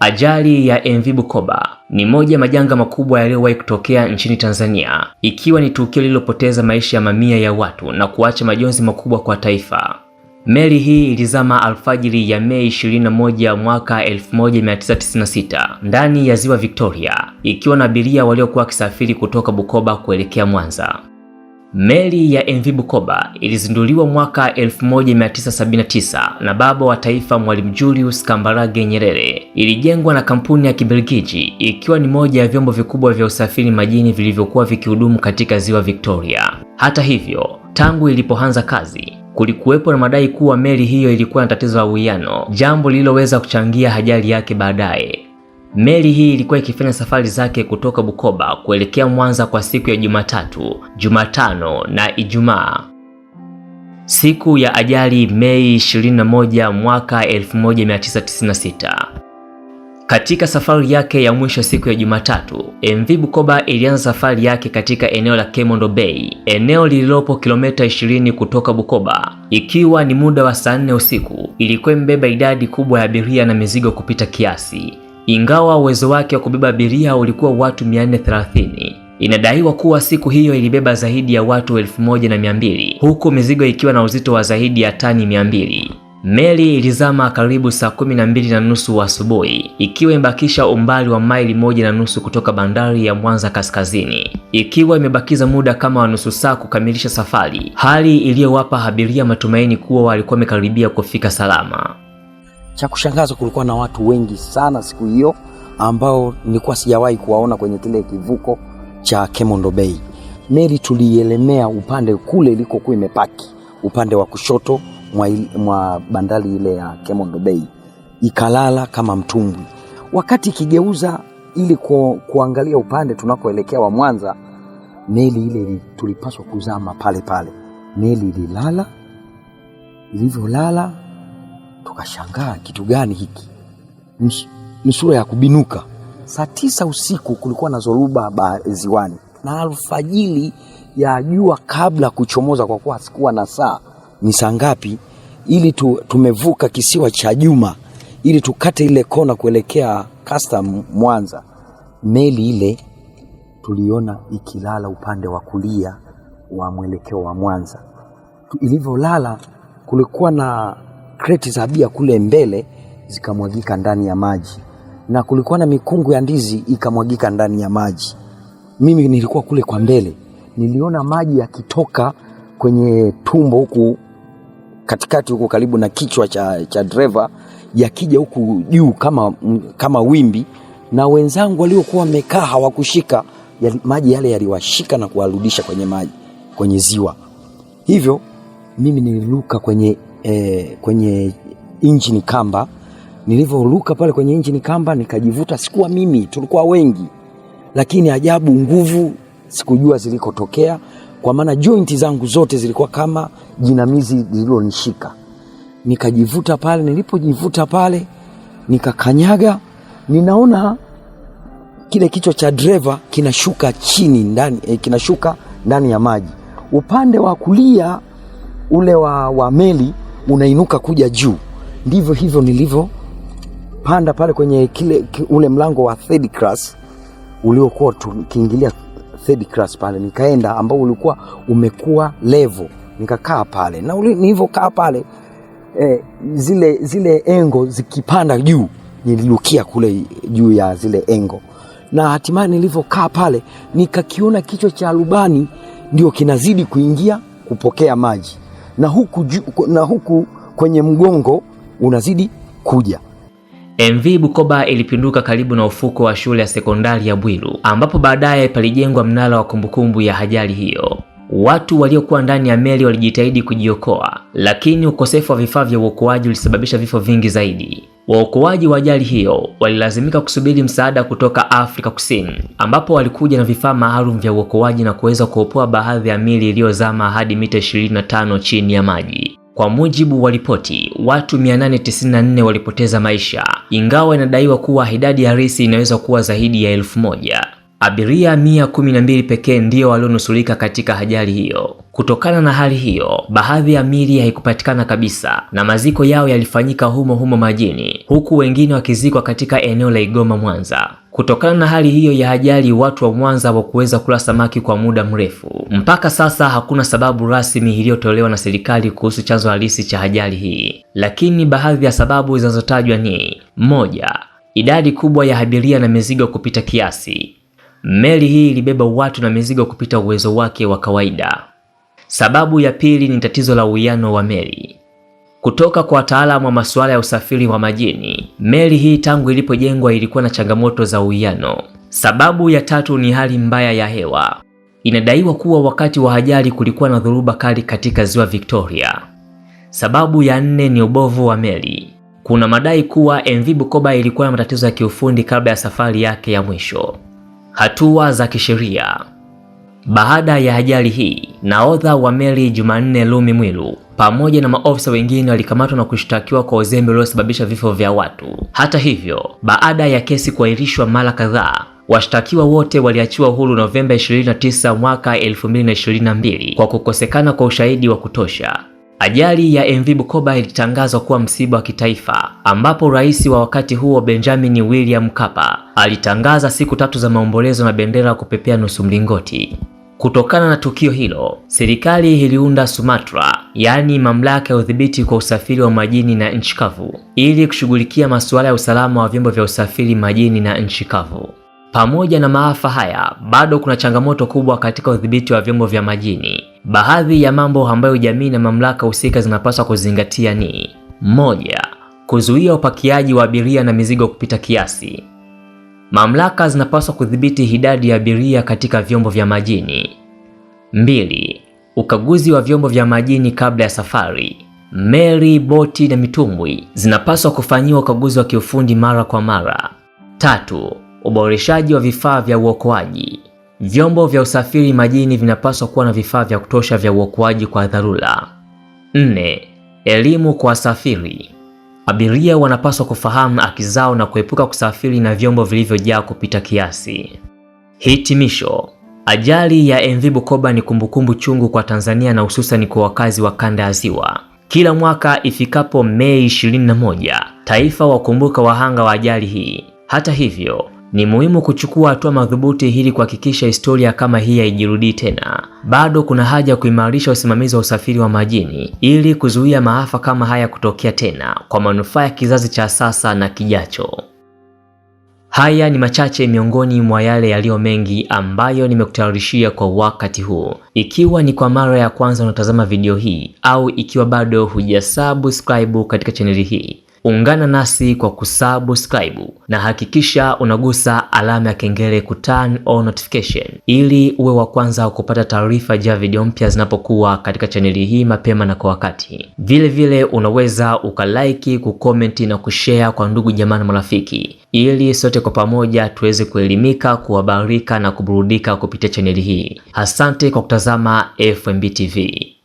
Ajali ya MV Bukoba ni moja ya majanga makubwa yaliyowahi kutokea nchini Tanzania, ikiwa ni tukio lililopoteza maisha ya mamia ya watu na kuacha majonzi makubwa kwa taifa. Meli hii ilizama alfajiri ya Mei 21 mwaka 1996 ndani ya Ziwa Victoria, ikiwa na abiria waliokuwa wakisafiri kutoka Bukoba kuelekea Mwanza. Meli ya MV Bukoba ilizinduliwa mwaka 1979 na baba wa taifa Mwalimu Julius Kambarage Nyerere. Ilijengwa na kampuni ya Kibelgiji ikiwa ni moja ya vyombo vikubwa vya usafiri majini vilivyokuwa vikihudumu katika Ziwa Victoria. Hata hivyo, tangu ilipoanza kazi kulikuwepo na madai kuwa meli hiyo ilikuwa na tatizo la uwiano, jambo lililoweza kuchangia ajali yake baadaye. Meli hii ilikuwa ikifanya safari zake kutoka Bukoba kuelekea Mwanza kwa siku ya Jumatatu, Jumatano na Ijumaa. Siku ya ajali Mei 21 mwaka 1996. Katika safari yake ya mwisho siku ya Jumatatu, MV Bukoba ilianza safari yake katika eneo la Kemondo Bay, eneo lililopo kilomita 20 kutoka Bukoba. Ikiwa ni muda wa saa usiku, ilikuwa imebeba idadi kubwa ya abiria na mizigo kupita kiasi. Ingawa uwezo wake wa kubeba abiria ulikuwa watu 430, inadaiwa kuwa siku hiyo ilibeba zaidi ya watu 1200 huku mizigo ikiwa na uzito wa zaidi ya tani 200. Meli ilizama karibu saa 12 na nusu asubuhi ikiwa imebakisha umbali wa maili moja na nusu kutoka bandari ya Mwanza kaskazini, ikiwa imebakiza muda kama wa nusu saa kukamilisha safari, hali iliyowapa abiria matumaini kuwa walikuwa wamekaribia kufika salama. Cha kushangaza kulikuwa na watu wengi sana siku hiyo ambao nilikuwa sijawahi kuwaona kwenye kile kivuko cha Kemondo Bay. Meli tulielemea upande kule ilikokuwa imepaki upande wa kushoto mwa, mwa bandari ile ya Kemondo Bay, ikalala kama mtumbwi. Wakati ikigeuza ili ku, kuangalia upande tunakoelekea wa Mwanza, meli ile tulipaswa kuzama pale pale. Meli ililala, ilivyolala Tukashangaa kitu gani hiki, ni sura ya kubinuka. Saa tisa usiku kulikuwa na zoruba ziwani na alfajili ya jua kabla kuchomoza, kwa kuwa sikuwa na saa ni saa ngapi, ili tu, tumevuka kisiwa cha Juma ili tukate ile kona kuelekea custom Mwanza. Meli ile tuliona ikilala upande wa kulia wa mwelekeo wa Mwanza. Ilivyolala kulikuwa na kreti za bia kule mbele zikamwagika ndani ya maji, na kulikuwa na mikungu ya ndizi ikamwagika ndani ya maji. Mimi nilikuwa kule kwa mbele, niliona maji yakitoka kwenye tumbo huku katikati huku karibu na kichwa cha, cha dereva yakija huku juu kama, kama wimbi, na wenzangu waliokuwa wamekaa hawakushika yali, maji yale yaliwashika na kuwarudisha kwenye maji kwenye ziwa. Hivyo mimi niliruka kwenye e, kwenye injini kamba. Nilivyoruka pale kwenye injini kamba nikajivuta, sikuwa mimi, tulikuwa wengi, lakini ajabu, nguvu sikujua zilikotokea, kwa maana jointi zangu zote zilikuwa kama jinamizi lililonishika. Nikajivuta pale, nilipojivuta pale nikakanyaga, ninaona kile kichwa cha dereva kinashuka chini ndani, eh, kinashuka ndani ya maji upande wa kulia ule wa, wa meli unainuka kuja juu, ndivyo hivyo nilivyopanda pale kwenye kile ule mlango wa third class uliokuwa tukiingilia third class pale, nikaenda ambao ulikuwa umekuwa level, nikakaa pale na nilivyokaa pale eh, zile, zile engo zikipanda juu nilirukia kule juu ya zile engo na hatimaye nilivyokaa pale nikakiona kichwa cha rubani ndio kinazidi kuingia kupokea maji na huku, na huku kwenye mgongo unazidi kuja. MV Bukoba ilipinduka karibu na ufuko wa shule ya sekondari ya Bwiru ambapo baadaye palijengwa mnara wa kumbukumbu ya ajali hiyo. Watu waliokuwa ndani ya meli walijitahidi kujiokoa, lakini ukosefu wa vifaa vya uokoaji ulisababisha vifo vingi zaidi. Waokoaji wa ajali hiyo walilazimika kusubiri msaada kutoka Afrika Kusini, ambapo walikuja na vifaa maalum vya uokoaji na kuweza kuopoa baadhi ya miili iliyozama hadi mita 25 chini ya maji. Kwa mujibu wa ripoti, watu 894 walipoteza maisha, ingawa inadaiwa kuwa idadi halisi inaweza kuwa zaidi ya elfu moja. Abiria 112 pekee ndio walionusurika katika ajali hiyo. Kutokana na hali hiyo, baadhi ya miili haikupatikana kabisa na maziko yao yalifanyika humo humo majini, huku wengine wakizikwa katika eneo la Igoma Mwanza. Kutokana na hali hiyo ya ajali, watu wa Mwanza hawakuweza kula samaki kwa muda mrefu. Mpaka sasa hakuna sababu rasmi iliyotolewa na serikali kuhusu chanzo halisi cha ajali hii, lakini baadhi ya sababu zinazotajwa ni moja, idadi kubwa ya abiria na mizigo kupita kiasi. Meli hii ilibeba watu na mizigo kupita uwezo wake wa kawaida. Sababu ya pili ni tatizo la uwiano wa meli. Kutoka kwa wataalamu wa masuala ya usafiri wa majini, meli hii tangu ilipojengwa ilikuwa na changamoto za uwiano. Sababu ya tatu ni hali mbaya ya hewa. Inadaiwa kuwa wakati wa ajali kulikuwa na dhoruba kali katika ziwa Victoria. Sababu ya nne ni ubovu wa meli. Kuna madai kuwa MV Bukoba ilikuwa na matatizo ya kiufundi kabla ya safari yake ya mwisho. Hatua za kisheria. Baada ya ajali hii, nahodha wa meli Jumanne Lumi Mwilu pamoja na maofisa wengine walikamatwa na kushtakiwa kwa uzembe uliosababisha vifo vya watu. Hata hivyo, baada ya kesi kuahirishwa mara kadhaa, washtakiwa wote waliachiwa huru Novemba 29 mwaka 2022 kwa kukosekana kwa ushahidi wa kutosha. Ajali ya MV Bukoba ilitangazwa kuwa msiba wa kitaifa ambapo rais wa wakati huo Benjamin William Mkapa alitangaza siku tatu za maombolezo na bendera kupepea nusu mlingoti. Kutokana na tukio hilo, serikali iliunda Sumatra, yaani mamlaka ya udhibiti kwa usafiri wa majini na nchi kavu, ili kushughulikia masuala ya usalama wa vyombo vya usafiri majini na nchi kavu. Pamoja na maafa haya, bado kuna changamoto kubwa katika udhibiti wa vyombo vya majini. Baadhi ya mambo ambayo jamii na mamlaka husika zinapaswa kuzingatia ni: moja, kuzuia upakiaji wa abiria na mizigo kupita kiasi. Mamlaka zinapaswa kudhibiti idadi ya abiria katika vyombo vya majini Mbili, ukaguzi wa vyombo vya majini kabla ya safari. Meli, boti na mitumbwi zinapaswa kufanyiwa ukaguzi wa kiufundi mara kwa mara. Tatu, uboreshaji wa vifaa vya uokoaji. Vyombo vya usafiri majini vinapaswa kuwa na vifaa vya kutosha vya uokoaji kwa dharura. Nne, elimu kwa wasafiri. Abiria wanapaswa kufahamu haki zao na kuepuka kusafiri na vyombo vilivyojaa kupita kiasi. Hitimisho. Ajali ya MV Bukoba ni kumbukumbu chungu kwa Tanzania na hususan kwa wakazi wa kanda ya Ziwa. Kila mwaka ifikapo Mei 21, taifa wakumbuka wahanga wa ajali hii. Hata hivyo, ni muhimu kuchukua hatua madhubuti ili kuhakikisha historia kama hii haijirudii tena. Bado kuna haja ya kuimarisha usimamizi wa usafiri wa majini ili kuzuia maafa kama haya kutokea tena kwa manufaa ya kizazi cha sasa na kijacho. Haya ni machache miongoni mwa yale yaliyo mengi ambayo nimekutayarishia kwa wakati huu. Ikiwa ni kwa mara ya kwanza unatazama video hii au ikiwa bado hujasubscribe katika chaneli hii Ungana nasi kwa kusubscribe na hakikisha unagusa alama ya kengele ku turn on notification ili uwe wa kwanza kupata taarifa za video mpya zinapokuwa katika chaneli hii mapema na kwa wakati. Vile vile unaweza ukalaiki, kukomenti na kushare kwa ndugu jamaa na marafiki ili sote kwa pamoja tuweze kuelimika, kuhabarika na kuburudika kupitia chaneli hii. Asante kwa kutazama FMB TV.